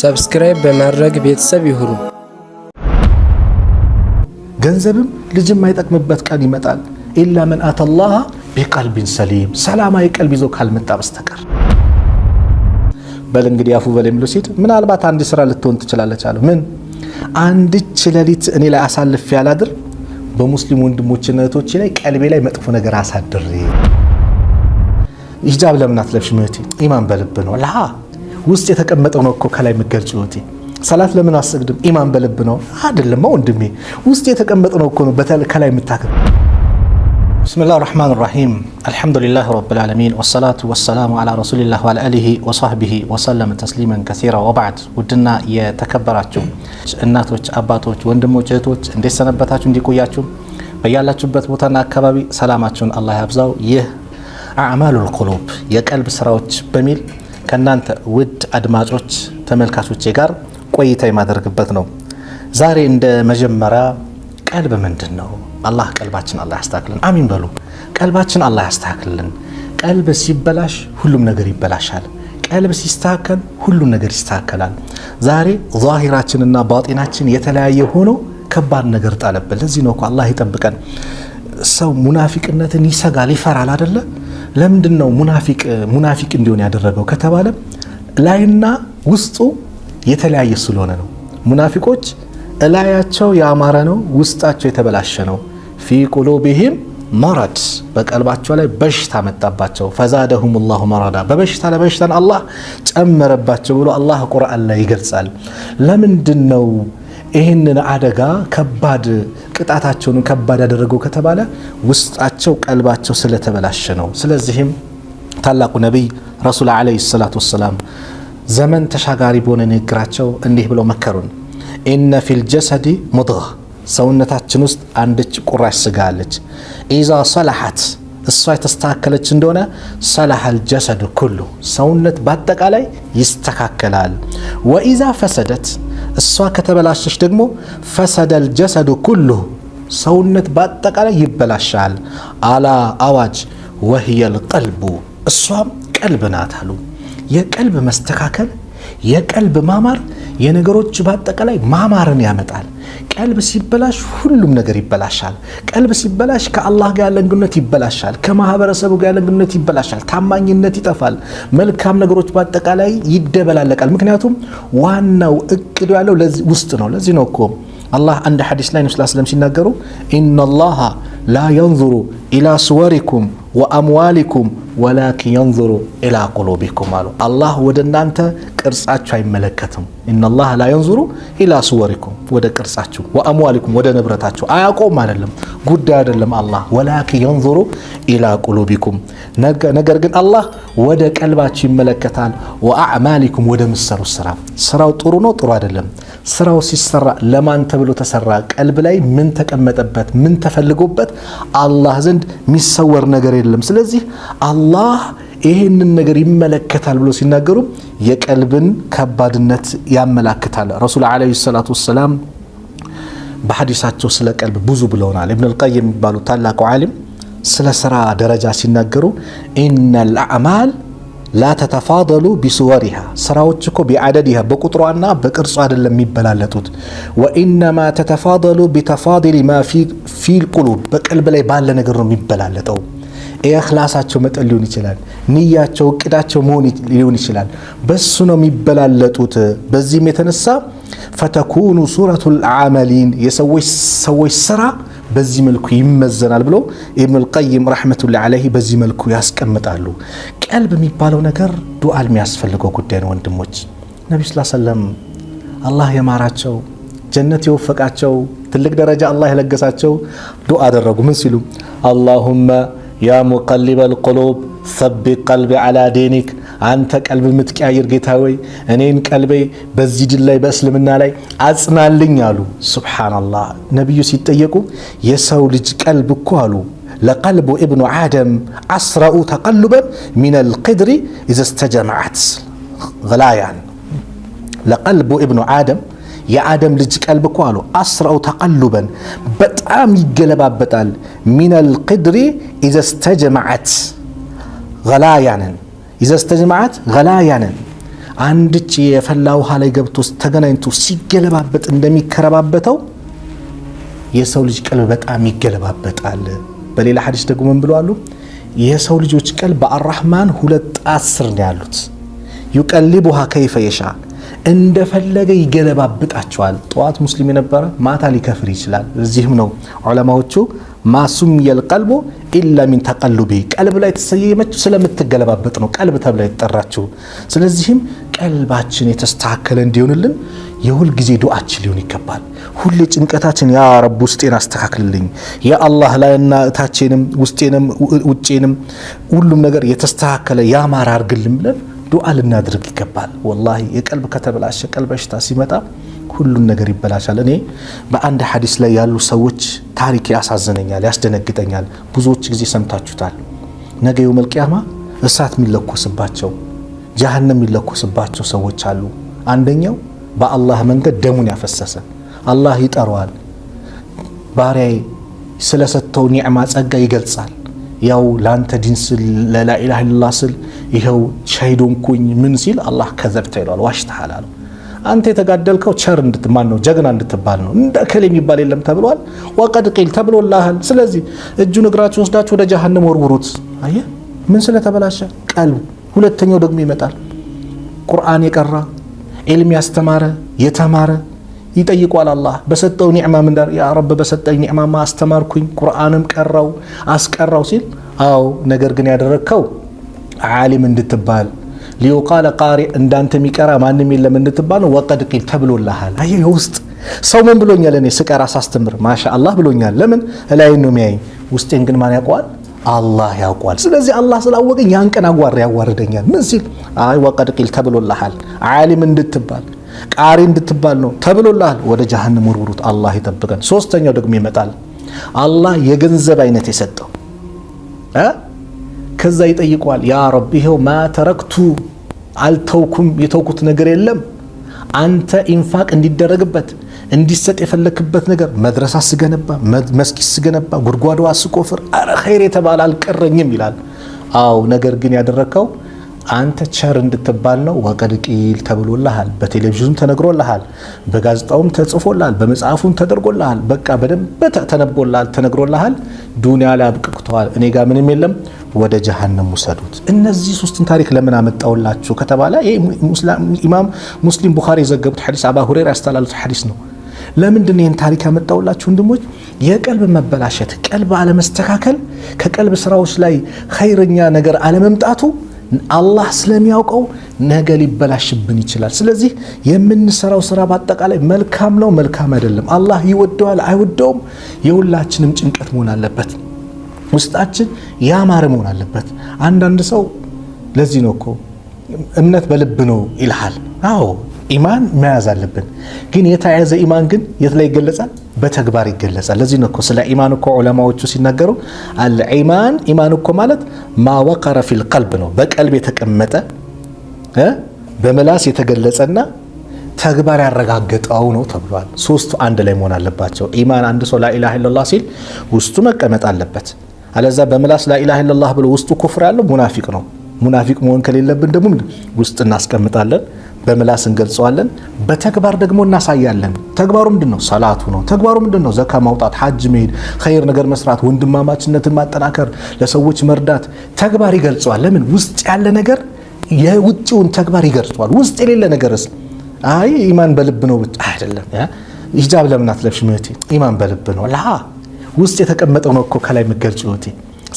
ሰብስክራይብ በማድረግ ቤተሰብ ይሁኑ። ገንዘብም ልጅ የማይጠቅምበት ቀን ይመጣል። ኢላ መን አተላህ ቢቀልቢን ሰሊም፣ ሰላማዊ ቀልብ ይዞ ካልመጣ በስተቀር በል እንግዲህ አፉ በል የሚለው ሲድ ምናልባት አንድ ስራ ልትሆን ትችላለች አለ። ምን አንድች ሌሊት እኔ ላይ አሳልፍ ያላድር በሙስሊም ወንድሞች እህቶች ላይ ቀልቤ ላይ መጥፎ ነገር አሳድሬ ሂጃብ ለምን አትለብሽም እህቴ? ኢማን በልብ ነው። ውስጥ የተቀመጠው ነው እኮ ከላይ የምትገልጪው እህቴ። ሰላት ለምን አሰግድም? ኢማን በልብ ነው አይደለማ ወንድሜ። ውስጥ የተቀመጠው ነው እኮ ነው ከላይ የምታከብ ብስሚላህ ራህማን ራሂም አልሐምዱሊላህ ረብል ዓለሚን ወሰላቱ ወሰላሙ ዓላ ረሱሊላህ ወዓላ አሊሂ ወሳህቢሂ ወሰለም ተስሊመን ከሲራ ወባዕድ። ውድና የተከበራችሁ እናቶች፣ አባቶች፣ ወንድሞች፣ እህቶች እንዴት ሰነበታችሁ? እንዲቆያችሁ በያላችሁበት ቦታና አካባቢ ሰላማችሁን አላህ ያብዛው። ይህ አዕማሉል ቁሉብ የቀልብ ስራዎች በሚል ከእናንተ ውድ አድማጮች ተመልካቾቼ ጋር ቆይታ የማደርግበት ነው። ዛሬ እንደ መጀመሪያ ቀልብ ምንድን ነው? አላህ ቀልባችን አላህ ያስተካክልን። አሚን በሉ። ቀልባችን አላህ ያስተካክልን። ቀልብ ሲበላሽ ሁሉም ነገር ይበላሻል። ቀልብ ሲስተካከል ሁሉም ነገር ይስተካከላል። ዛሬ ዛሂራችንና ባጢናችን የተለያየ ሆኖ ከባድ ነገር ጣለብን። ለዚህ ነው እኮ አላህ ይጠብቀን። ሰው ሙናፊቅነትን ይሰጋል፣ ይፈራል አደለ ለምንድን ነው ሙናፊቅ ሙናፊቅ እንዲሆን ያደረገው ከተባለ ላይና ውስጡ የተለያየ ስለሆነ ነው። ሙናፊቆች እላያቸው ያማረ ነው፣ ውስጣቸው የተበላሸ ነው። ፊ ቁሉቢሂም መረድ በቀልባቸው ላይ በሽታ መጣባቸው። ፈዛደሁም ላሁ መረዳ በበሽታ ለበሽታን አላህ ጨመረባቸው ብሎ አላህ ቁርአን ላይ ይገልጻል። ለምንድን ነው ይህንን አደጋ ከባድ ቅጣታቸውን ከባድ ያደረገው ከተባለ ውስጣቸው ቀልባቸው ስለተበላሸ ነው። ስለዚህም ታላቁ ነቢይ ረሱል ዓለይሂ ሰላቱ ወሰላም ዘመን ተሻጋሪ በሆነ ንግግራቸው እንዲህ ብለው መከሩን፣ ኢነ ፊል ጀሰዲ ሙድጋ፣ ሰውነታችን ውስጥ አንድች ቁራሽ ስጋ አለች። ኢዛ ሰላሐት፣ እሷ የተስተካከለች እንደሆነ ሰላሐል ጀሰድ ኩሉ፣ ሰውነት በአጠቃላይ ይስተካከላል። ወኢዛ ፈሰደት እሷ ከተበላሸች ደግሞ ፈሰደል ጀሰዱ ኩሉ ሰውነት በአጠቃላይ ይበላሻል። አላ አዋጅ ወህየል ቀልቡ እሷም ቀልብ ናት አሉ። የቀልብ መስተካከል የቀልብ ማማር የነገሮች በአጠቃላይ ማማርን ያመጣል። ቀልብ ሲበላሽ ሁሉም ነገር ይበላሻል። ቀልብ ሲበላሽ ከአላህ ጋር ያለን ግንኙነት ይበላሻል። ከማህበረሰቡ ጋር ያለን ግንኙነት ይበላሻል። ታማኝነት ይጠፋል። መልካም ነገሮች በአጠቃላይ ይደበላለቃል። ምክንያቱም ዋናው እቅዱ ያለው ውስጥ ነው። ለዚህ ነው እኮ አላህ አንድ ሐዲስ ላይ ነብዩ ሰለላሁ ዐለይሂ ወሰለም ሲናገሩ ኢነላሃ ላ የንዙሩ ኢላ ስወሪኩም ወአምዋሊኩም ወላኪን የንዙሩ ኢላ ቁሉቢኩም አሉ። አላህ ወደ እናንተ ቅርጻችሁ አይመለከትም። ኢነላህ ላ የንዙሩ ኢላ ሱወሪኩም፣ ወደ ቅርጻችሁ፣ ወአምዋሊኩም፣ ወደ ንብረታችሁ አያቆም አይደለም፣ ጉዳይ አይደለም አላህ ወላኪን የንዙሩ ኢላ ቁሉቢኩም ነገር ግን አላህ ወደ ቀልባችሁ ይመለከታል። ወአዕማሊኩም ወደ ምሰሩ ስራ ስራው ጥሩ ነው ጥሩ አይደለም። ስራው ሲሰራ ለማን ተብሎ ተሰራ? ቀልብ ላይ ምን ተቀመጠበት? ምን ተፈልጎበት? አላህ ዘንድ የሚሰወር ነገር የለም። ስለዚህ አላህ ይህንን ነገር ይመለከታል ብሎ ሲናገሩ የቀልብን ከባድነት ያመላክታል። ረሱል ዓለይሂ ሰላቱ ወሰላም በሐዲሳቸው ስለ ቀልብ ብዙ ብለውናል። ኢብኑል ቀይም የሚባሉ ታላቁ ዓሊም ስለ ስራ ደረጃ ሲናገሩ ኢነል አዕማል ላ ተተፋደሉ ቢስወሪሃ ስራዎች እኮ ቢዓደድሃ በቁጥሯና በቅርጹ አይደለም የሚበላለጡት። ወኢነማ ተተፋደሉ ቢተፋድል ማ ፊል ቁሉብ በቀልብ ላይ ባለ ነገር ነው የሚበላለጠው። የእኽላሳቸው መጠን ሊሆን ይችላል፣ ንያቸው እቅዳቸው ሊሆን ይችላል። በሱ ነው የሚበላለጡት። በዚህም የተነሳ ፈተኩኑ ሱረቱ አመሊን የሰዎች ሰዎች ስራ በዚህ መልኩ ይመዘናል ብሎ ኢብኑል ቀይም ረሕመቱላህ ዓለይህ በዚህ መልኩ ያስቀምጣሉ። ቀልብ የሚባለው ነገር ዱዓ የሚያስፈልገው ጉዳይ ነው ወንድሞች። ነቢ ስ ሰለም አላህ የማራቸው ጀነት የወፈቃቸው ትልቅ ደረጃ አላህ የለገሳቸው ዱዓ አደረጉ። ምን ሲሉ አላሁመ ያ ሙቀሊበል ቁሉብ ሰቢት ቀልቢ ዓላ ዲኒክ አንተ ቀልብ የምትቀያየር ጌታ ወይ እኔን ቀልቤ በዚህ ድል ላይ በእስልምና ላይ አጽናልኝ አሉ። ሱብሓነላህ ነቢዩ ሲጠየቁ የሰው ልጅ ቀልብ እኮ አሉ ለቀልቡ እብኑ አደም አስረኡ ተቀሉበን ሚነል ቅድሪ ኢዘ ስተጀመዐት ላያን ለቀልቡ እብኑ አደም የአደም ልጅ ቀልብ እኮ አሉ አስረው ተቀሉበን በጣም ይገለባበጣል። ሚነል ቅድሪ ኢዘ ገላያንን ይዘስተጅማዓት ገላያነን አንድች የፈላ ውሃ ላይ ገብቶ ተገናኝቶ ሲገለባበጥ እንደሚከረባበተው የሰው ልጅ ቀልብ በጣም ይገለባበጣል። በሌላ ሐዲስ ደግሞ ምን ብሎ የሰው ልጆች ቀልብ በአራህማን ሁለት ጣት ስር ነው ያሉት። ዩቀልቡሃ ከይፈ የሻ እንደፈለገ ይገለባብጣቸዋል። ጠዋት ሙስሊም የነበረ ማታ ሊከፍር ይችላል። እዚህም ነው ዑለማዎቹ ማሱሚየል ቀልቦ ኢላ ሚን ተቀሉቢ ቀልብ ላይ የተሰየመችው ስለምትገለባበጥ ነው ቀልብ ተብላ የተጠራችው። ስለዚህም ቀልባችን የተስተካከለ እንዲሆንልን የሁል ጊዜ ዱዓችን ሊሆን ይገባል። ሁሌ ጭንቀታችን ያ ረብ ውስጤን አስተካክልልኝ፣ ያ አላህ ላይና እታችንም ውስጤንም ውጬንም ሁሉም ነገር የተስተካከለ ያማረ አርግልን ብለን ዱዓ ልናድርግ ይገባል። ወላሂ የቀልብ ከተበላሸ ቀልብ በሽታ ሲመጣ ሁሉን ነገር ይበላሻል። እኔ በአንድ ሐዲስ ላይ ያሉ ሰዎች ታሪክ ያሳዝነኛል፣ ያስደነግጠኛል። ብዙዎች ጊዜ ሰምታችሁታል። ነገ የውመልቅያማ እሳት የሚለኮስባቸው ጀሀነም የሚለኮስባቸው ሰዎች አሉ። አንደኛው በአላህ መንገድ ደሙን ያፈሰሰ አላህ ይጠራዋል። ባሪያዬ ስለሰጥተው ኒዕማ ጸጋ ይገልጻል። ያው ለአንተ ዲን ስል ለላኢላህ ኢላላህ ስል ይኸው ሻሂዶንኩኝ ምን ሲል አላህ ከዘብተ ይለዋል፣ ዋሽተሃል አለው አንተ የተጋደልከው ቸር እንድትማን ነው፣ ጀግና እንድትባል ነው። እንደ ከል የሚባል የለም ተብሏል። ወቀድ ቂል ተብሎልሃል። ስለዚህ እጁን እግራችሁ ወስዳችሁ ወደ ጀሃነም ወርውሩት። አየ ምን ስለተበላሸ ቀልቡ። ሁለተኛው ደግሞ ይመጣል። ቁርአን የቀራ ዒልም ያስተማረ የተማረ ይጠይቋል። አላህ በሰጠው ኒዕማ ምን ዳር ያ ረብ በሰጠኝ ኒዕማማ አስተማርኩኝ፣ ቁርአንም ቀራው አስቀራው ሲል አዎ፣ ነገር ግን ያደረግከው ዓሊም እንድትባል ሊዩቃለ ቃሪ እንዳንተ የሚቀራ ማንም የለም እንትባል ነው። ወቀድ ቂል ተብሎልሃል። አየህ የውስጥ ሰው ምን ብሎኛል? እኔ ስቀራ ሳስተምር ማሻ አላህ ብሎኛል። ለምን እላይን ነው የሚያይ፣ ውስጤን ግን ማን ያውቀዋል? አላህ ያውቋል። ስለዚህ አላህ ስላወቀኝ ያን ቀን አዋር ያዋርደኛል። ምን ሲል አይ ወቀድ ቂል ተብሎልሃል፣ ዓሊም እንድትባል ቃሪ እንድትባል ነው ተብሎልሃል። ወደ ጀሃነም ውርውሩት። አላህ ይጠብቀን። ሶስተኛው ደግሞ ይመጣል። አላህ የገንዘብ አይነት የሰጠው ከዛ ይጠይቀዋል። ያ ረቢ ይኸው ማ ተረክቱ አልተውኩም፣ የተውኩት ነገር የለም። አንተ ኢንፋቅ እንዲደረግበት እንዲሰጥ የፈለክበት ነገር መድረሳ ስገነባ፣ መስጊድ ስገነባ፣ ጉድጓዷ ስቆፍር፣ አረ ኸይር የተባለ አልቀረኝም ይላል። አዎ ነገር ግን ያደረግከው አንተ ቸር እንድትባል ነው። ወቀድ ቂል ተብሎልሃል። በቴሌቪዥኑም ተነግሮልሃል፣ በጋዜጣውም ተጽፎልሃል፣ በመጽሐፉም ተደርጎልሃል። በቃ በደንብ ተነቦልሃል፣ ተነግሮልሃል። ዱንያ ላይ አብቅቅተዋል። እኔ ጋር ምንም የለም፣ ወደ ጀሃነም ውሰዱት። እነዚህ ሶስትን ታሪክ ለምን አመጣውላችሁ ከተባለ ኢማም ሙስሊም ቡኻሪ የዘገቡት ሐዲስ አባ ሁሬራ ያስተላሉት ሐዲስ ነው። ለምንድን ይህን ታሪክ ያመጣውላችሁ ወንድሞች? የቀልብ መበላሸት፣ ቀልብ አለመስተካከል፣ ከቀልብ ስራዎች ላይ ኸይረኛ ነገር አለመምጣቱ አላህ ስለሚያውቀው ነገ ሊበላሽብን ይችላል። ስለዚህ የምንሰራው ስራ በአጠቃላይ መልካም ነው መልካም አይደለም፣ አላህ ይወደዋል አይወደውም፣ የሁላችንም ጭንቀት መሆን አለበት። ውስጣችን ያማረ መሆን አለበት። አንዳንድ ሰው ለዚህ ነው እኮ እምነት በልብ ነው ይልሃል። አዎ ኢማን መያዝ አለብን። ግን የተያያዘ ኢማን ግን የት ላይ ይገለጻል? በተግባር ይገለጻል። ለዚህ ነው እኮ ስለ ኢማን እኮ ዑለማዎቹ ሲናገሩ አልኢማን ኢማን እኮ ማለት ማወቀረ ፊል ቀልብ ነው። በቀልብ የተቀመጠ በምላስ የተገለጸና ተግባር ያረጋገጠው ነው ተብሏል። ሶስቱ አንድ ላይ መሆን አለባቸው። ኢማን አንድ ሰው ላኢላሃ ለላ ሲል ውስጡ መቀመጥ አለበት። አለዛ በምላስ ላኢላሃ ኢለላህ ብሎ ውስጡ ኩፍር ያለው ሙናፊቅ ነው። ሙናፊቅ መሆን ከሌለብን ደግሞ ውስጥ እናስቀምጣለን። በምላስ እንገልጸዋለን፣ በተግባር ደግሞ እናሳያለን። ተግባሩ ምንድን ነው? ሰላቱ ነው። ተግባሩ ምንድን ነው? ዘካ ማውጣት፣ ሐጅ መሄድ፣ ኸይር ነገር መስራት፣ ወንድማማችነትን ማጠናከር፣ ለሰዎች መርዳት። ተግባር ይገልጸዋል። ለምን? ውስጥ ያለ ነገር የውጭውን ተግባር ይገልጸዋል። ውስጥ የሌለ ነገርስ? አይ ኢማን በልብ ነው ብቻ አይደለም። ሂጃብ ለምን አትለብሽ? ምህቴ ኢማን በልብ ነው። ውስጥ የተቀመጠው ነው እኮ ከላይ የምገልጭ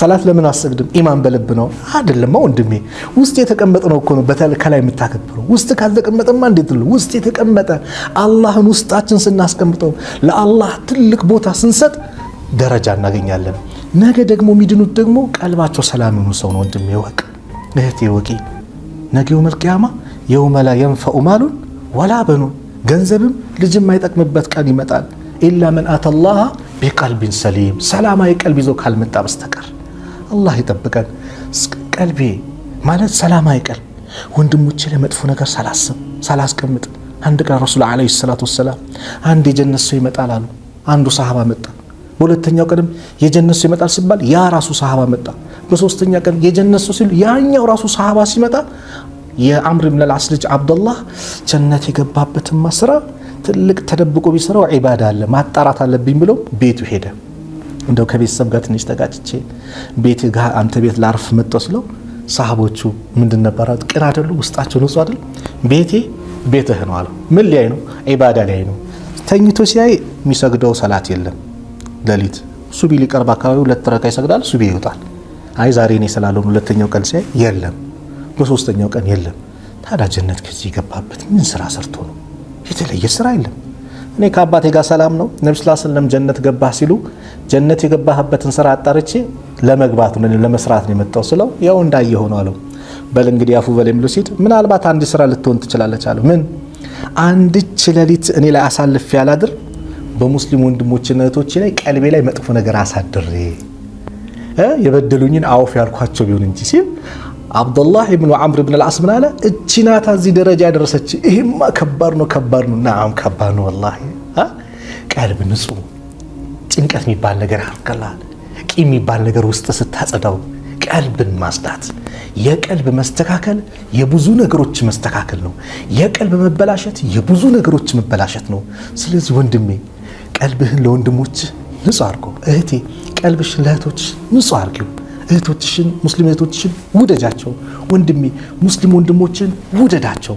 ሰላት ለምን አሰግድም? ኢማን በልብ ነው አይደለማ? ወንድሜ ውስጥ የተቀመጠ ነው እኮ ነው ከላይ የምታከብረው። ውስጥ ካልተቀመጠማ እንዴት ነው? ውስጥ የተቀመጠ አላህን ውስጣችን ስናስቀምጠው፣ ለአላህ ትልቅ ቦታ ስንሰጥ ደረጃ እናገኛለን። ነገ ደግሞ የሚድኑት ደግሞ ቀልባቸው ሰላም የሆኑ ሰው ነው። ወንድሜ ይወቅ፣ እህቴ ወቂ። ነገ የውመል ቂያማ የውመላ የንፈኡ ማሉን ወላ በኑን፣ ገንዘብም ልጅ የማይጠቅምበት ቀን ይመጣል። ኢላ መን አተላሃ ቢቀልቢን ሰሊም፣ ሰላማዊ ቀልብ ይዞ ካልመጣ በስተቀር አላህ ይጠብቀን። ቀልቤ ማለት ሰላም ቀልብ ወንድሞቼ ላይ ነገር ሳላስብ ሳላስቀምጥ አንድ ቀን ረሱል ዓለይሂ ሰላቱ ወሰላም አንድ የጀነት ሰው ይመጣል አሉ። አንዱ ሰሃባ መጣ። በሁለተኛው ቀንም የጀነት ሰው ይመጣል ሲባል ያ ራሱ ሰሃባ መጣ። በሶስተኛ ቀን የጀነት ሰው ሲሉ ያኛው ራሱ ሰሃባ ሲመጣ የአምር ብን አልዓስ ልጅ አብደላህ ጀነት የገባበትማ ስራ ትልቅ ተደብቆ ቢሰራው ዒባዳ አለ ማጣራት አለብኝ ብለው ቤቱ ሄደ። እንደው ከቤተሰብ ጋር ትንሽ ተጋጭቼ ቤት ጋር አንተ ቤት ላርፍ መጥቶ ስለው ሳህቦቹ ምንድን ነበር ቅን አይደሉ? ውስጣቸው ንጹህ አይደል? ቤቴ ቤትህ ነው አለ። ምን ላይ ነው? ኢባዳ ላይ ነው። ተኝቶ ሲያይ የሚሰግደው ሰላት የለም። ሌሊት ሱቢ ሊቀርብ አካባቢ ሁለት ረካ ይሰግዳል፣ ሱቢ ይወጣል። አይ ዛሬ እኔ ስላለውን ሁለተኛው ቀን ሲያይ የለም፣ በሶስተኛው ቀን የለም። ታዲያ ጀነት ከዚህ የገባበት ምን ስራ ሰርቶ ነው? የተለየ ስራ የለም። እኔ ከአባቴ ጋር ሰላም ነው። ነቢ ስላ ስለም ጀነት ገባህ ሲሉ ጀነት የገባህበትን ስራ አጣርቼ ለመግባት ለመስራት ነው የመጣው ስለው ያው እንዳየ ሆኖ አለው። በል እንግዲህ አፉ የሚሉ ሉሲድ ምናልባት አንድ ስራ ልትሆን ትችላለች አለ። ምን አንድች ሌሊት እኔ ላይ አሳልፍ ያላድር በሙስሊም ወንድሞችና እህቶቼ ላይ ቀልቤ ላይ መጥፎ ነገር አሳድሬ የበደሉኝን አውፍ ያልኳቸው ቢሆን እንጂ ሲል አብዱላህ ብኑ ዓምር ብን ልዓስ ምን አለ? እቺ ናታ እዚህ ደረጃ ያደረሰች። ይህማ ከባድ ነው፣ ከባድ ነው። ናም ከባድ ነው። ወላሂ ቀልብ ንጹህ፣ ጭንቀት የሚባል ነገር ያርቅላል። ቂም የሚባል ነገር ውስጥ ስታጸዳው ቀልብን ማጽዳት፣ የቀልብ መስተካከል የብዙ ነገሮች መስተካከል ነው። የቀልብ መበላሸት የብዙ ነገሮች መበላሸት ነው። ስለዚህ ወንድሜ ቀልብህን ለወንድሞች ንጹህ አድርገው፣ እህቴ ቀልብሽን ለእህቶች ንጹህ አድርጊው። እህቶችሽን ሙስሊም እህቶችሽን ውደጃቸው። ወንድሜ ሙስሊም ወንድሞችን ውደዳቸው።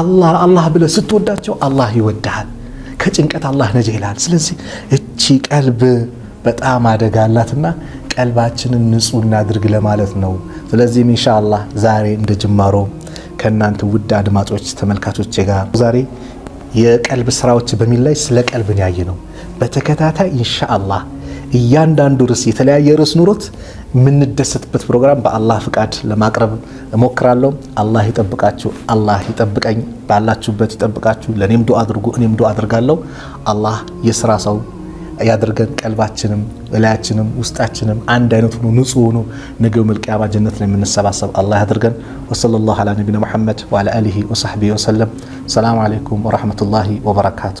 አላህ አላህ ብለህ ስትወዳቸው አላህ ይወድሃል። ከጭንቀት አላህ ነጃ ይላል። ስለዚህ እቺ ቀልብ በጣም አደጋ አላትና ቀልባችንን ንጹህ እናድርግ ለማለት ነው። ስለዚህም ኢንሻአላህ ዛሬ እንደ ጅማሮ ከእናንተ ውድ አድማጮች ተመልካቾች ጋር ዛሬ የቀልብ ስራዎች በሚል ላይ ስለ ቀልብን ያየ ነው። በተከታታይ ኢንሻአላህ እያንዳንዱ ርዕስ የተለያየ ርዕስ ኑሮት የምንደሰትበት ፕሮግራም በአላህ ፍቃድ ለማቅረብ እሞክራለሁ። አላህ ይጠብቃችሁ፣ አላህ ይጠብቀኝ፣ ባላችሁበት ይጠብቃችሁ። ለእኔም ዱዓ አድርጉ፣ እኔም ዱዓ አድርጋለሁ። አላህ የስራ ሰው ያድርገን። ቀልባችንም እላያችንም ውስጣችንም አንድ አይነት ሆኖ ንጹህ ሆኖ ነገው መልቅያማ ጀነት ነው የምንሰባሰብ አላህ ያድርገን። ወሰለላሁ አላ ነቢና ሙሐመድ ወአላ አሊሂ ወሰሕቢሂ ወሰለም። ሰላሙ አለይኩም ወረሕመቱላሂ ወበረካቱ።